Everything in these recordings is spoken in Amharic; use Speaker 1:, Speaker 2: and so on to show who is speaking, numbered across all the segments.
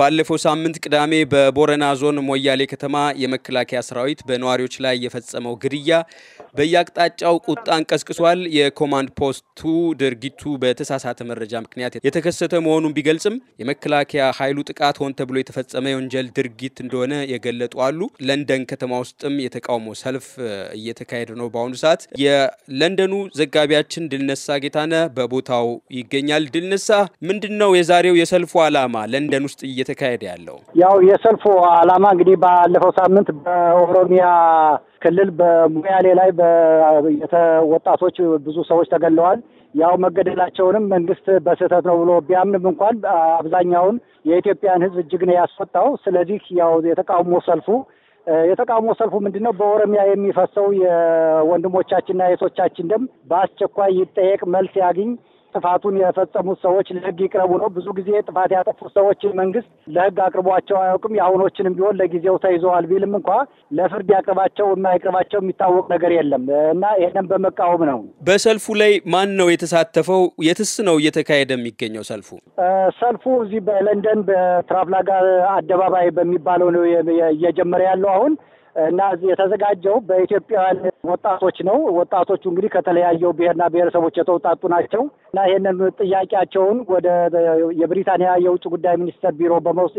Speaker 1: ባለፈው ሳምንት ቅዳሜ በቦረና ዞን ሞያሌ ከተማ የመከላከያ ሰራዊት በነዋሪዎች ላይ የፈጸመው ግድያ በየአቅጣጫው ቁጣን ቀስቅሷል። የኮማንድ ፖስቱ ድርጊቱ በተሳሳተ መረጃ ምክንያት የተከሰተ መሆኑን ቢገልጽም የመከላከያ ኃይሉ ጥቃት ሆን ተብሎ የተፈጸመ የወንጀል ድርጊት እንደሆነ የገለጡ አሉ። ለንደን ከተማ ውስጥም የተቃውሞ ሰልፍ እየተካሄደ ነው። በአሁኑ ሰዓት የለንደኑ ዘጋቢያችን ድልነሳ ጌታነ በቦታው ይገኛል። ድልነሳ፣ ምንድን ነው የዛሬው የሰልፉ ዓላማ ለንደን ውስጥ እየተካሄደ ያለው?
Speaker 2: ያው የሰልፉ ዓላማ እንግዲህ ባለፈው ሳምንት በኦሮሚያ ክልል በሙያሌ ላይ ወጣቶች ብዙ ሰዎች ተገለዋል። ያው መገደላቸውንም መንግስት በስህተት ነው ብሎ ቢያምንም እንኳን አብዛኛውን የኢትዮጵያን ሕዝብ እጅግ ነው ያስወጣው። ስለዚህ ያው የተቃውሞ ሰልፉ የተቃውሞ ሰልፉ ምንድን ነው? በኦሮሚያ የሚፈሰው የወንድሞቻችንና የቶቻችን ደም በአስቸኳይ ይጠየቅ፣ መልስ ያግኝ ጥፋቱን የፈጸሙት ሰዎች ለህግ ይቅረቡ ነው። ብዙ ጊዜ ጥፋት ያጠፉት ሰዎች መንግስት ለህግ አቅርቧቸው አያውቅም። የአሁኖችንም ቢሆን ለጊዜው ተይዘዋል ቢልም እንኳ ለፍርድ ያቅርባቸው የማይቅርባቸው የሚታወቅ ነገር የለም እና ይህንን በመቃወም ነው።
Speaker 1: በሰልፉ ላይ ማን ነው የተሳተፈው? የትስ ነው እየተካሄደ የሚገኘው ሰልፉ?
Speaker 2: ሰልፉ እዚህ በለንደን በትራፍላጋር አደባባይ በሚባለው ነው እየጀመረ ያለው አሁን እና የተዘጋጀው በኢትዮጵያውያን ወጣቶች ነው። ወጣቶቹ እንግዲህ ከተለያዩ ብሔርና ብሔረሰቦች የተውጣጡ ናቸው እና ይህንን ጥያቄያቸውን ወደ የብሪታንያ የውጭ ጉዳይ ሚኒስትር ቢሮ በመውስ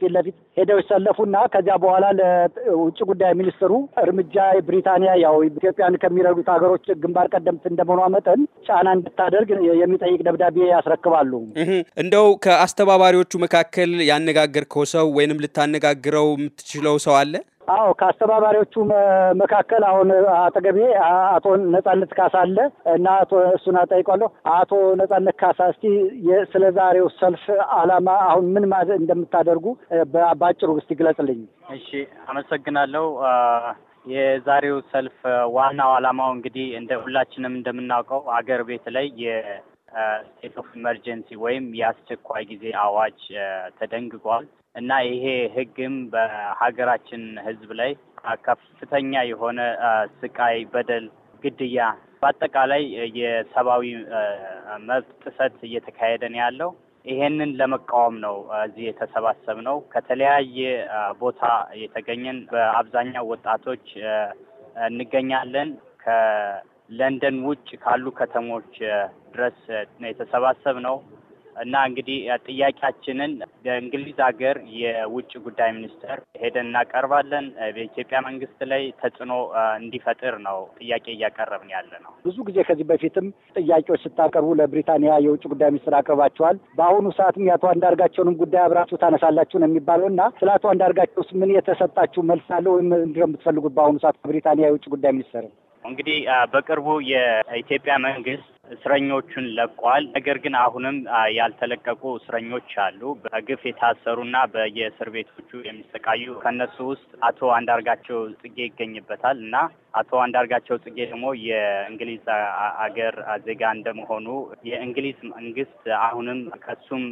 Speaker 2: ፊት ለፊት ሄደው ይሰለፉና ከዚያ በኋላ ለውጭ ጉዳይ ሚኒስትሩ እርምጃ ብሪታንያ ያው ኢትዮጵያን ከሚረዱት ሀገሮች ግንባር ቀደምት እንደመሆኗ መጠን ጫና እንድታደርግ የሚጠይቅ ደብዳቤ ያስረክባሉ።
Speaker 1: እንደው ከአስተባባሪዎቹ መካከል ያነጋገርከው ሰው ወይንም ልታነጋግረው የምትችለው ሰው አለ?
Speaker 2: አዎ ከአስተባባሪዎቹ መካከል አሁን አጠገቤ አቶ ነጻነት ካሳ አለ እና አቶ እሱን አጠይቋለሁ። አቶ ነጻነት ካሳ እስቲ ስለ ዛሬው ሰልፍ አላማ አሁን ምን እንደምታደርጉ በአጭሩ እስቲ ግለጽልኝ።
Speaker 3: እሺ፣ አመሰግናለሁ። የዛሬው ሰልፍ ዋናው አላማው እንግዲህ እንደ ሁላችንም እንደምናውቀው አገር ቤት ላይ የስቴት ኦፍ ኢመርጀንሲ ወይም የአስቸኳይ ጊዜ አዋጅ ተደንግጓል። እና ይሄ ህግም በሀገራችን ህዝብ ላይ ከፍተኛ የሆነ ስቃይ፣ በደል፣ ግድያ በአጠቃላይ የሰብአዊ መብት ጥሰት እየተካሄደ ነው ያለው። ይሄንን ለመቃወም ነው እዚህ የተሰባሰብ ነው። ከተለያየ ቦታ የተገኘን በአብዛኛው ወጣቶች እንገኛለን። ከለንደን ውጭ ካሉ ከተሞች ድረስ የተሰባሰብ ነው። እና እንግዲህ ጥያቄያችንን በእንግሊዝ ሀገር የውጭ ጉዳይ ሚኒስቴር ሄደን እናቀርባለን። በኢትዮጵያ መንግስት ላይ ተጽዕኖ እንዲፈጥር ነው ጥያቄ እያቀረብን ያለ ነው።
Speaker 2: ብዙ ጊዜ ከዚህ በፊትም ጥያቄዎች ስታቀርቡ ለብሪታንያ የውጭ ጉዳይ ሚኒስትር አቅርባችኋል። በአሁኑ ሰዓትም የአቶ አንዳርጋቸውንም ጉዳይ አብራችሁ ታነሳላችሁ ነው የሚባለው እና ስለ አቶ አንዳርጋቸውስ ምን የተሰጣችሁ መልስ አለ ወይም እንዲ የምትፈልጉት በአሁኑ ሰዓት ከብሪታንያ የውጭ ጉዳይ ሚኒስትር?
Speaker 3: እንግዲህ በቅርቡ የኢትዮጵያ መንግስት እስረኞቹን ለቋል። ነገር ግን አሁንም ያልተለቀቁ እስረኞች አሉ። በግፍ የታሰሩና በየእስር ቤቶቹ የሚሰቃዩ ከነሱ ውስጥ አቶ አንዳርጋቸው ጽጌ ይገኝበታል እና አቶ አንዳርጋቸው ጽጌ ደግሞ የእንግሊዝ አገር ዜጋ እንደመሆኑ የእንግሊዝ መንግስት አሁንም ከሱም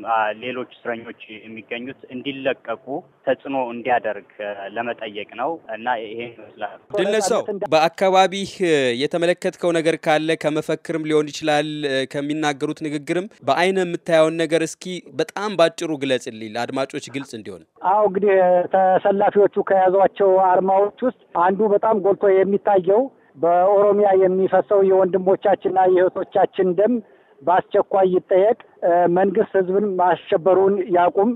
Speaker 3: ሌሎች እስረኞች የሚገኙት እንዲለቀቁ ተጽዕኖ እንዲያደርግ ለመጠየቅ ነው እና ይሄ ይመስላል።
Speaker 1: ድነሰው በአካባቢህ የተመለከትከው ነገር ካለ ከመፈክርም ሊሆን ይችላል ከሚናገሩት ንግግርም በአይነ የምታየውን ነገር እስኪ በጣም ባጭሩ ግለጽልኝ ለአድማጮች ግልጽ እንዲሆን።
Speaker 2: አዎ እንግዲህ ተሰላፊዎቹ ከያዟቸው አርማዎች ውስጥ አንዱ በጣም ጎልቶ የሚታ የሚታየው በኦሮሚያ የሚፈሰው የወንድሞቻችንና የእህቶቻችን ደም በአስቸኳይ ይጠየቅ፣ መንግስት ህዝብን ማሸበሩን ያቁም፣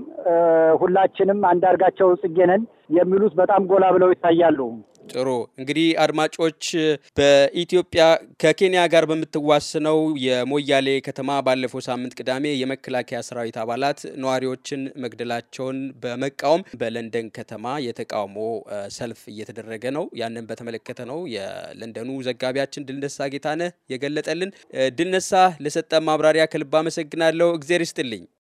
Speaker 2: ሁላችንም አንዳርጋቸው ጽጌ ነን የሚሉት በጣም ጎላ ብለው ይታያሉ።
Speaker 1: ጥሩ እንግዲህ አድማጮች በኢትዮጵያ ከኬንያ ጋር በምትዋስነው የሞያሌ ከተማ ባለፈው ሳምንት ቅዳሜ የመከላከያ ሰራዊት አባላት ነዋሪዎችን መግደላቸውን በመቃወም በለንደን ከተማ የተቃውሞ ሰልፍ እየተደረገ ነው። ያንን በተመለከተ ነው የለንደኑ ዘጋቢያችን ድልነሳ ጌታነህ የገለጠልን። ድልነሳ ለሰጠ ማብራሪያ ከልብ አመሰግናለሁ። እግዜር ይስጥልኝ።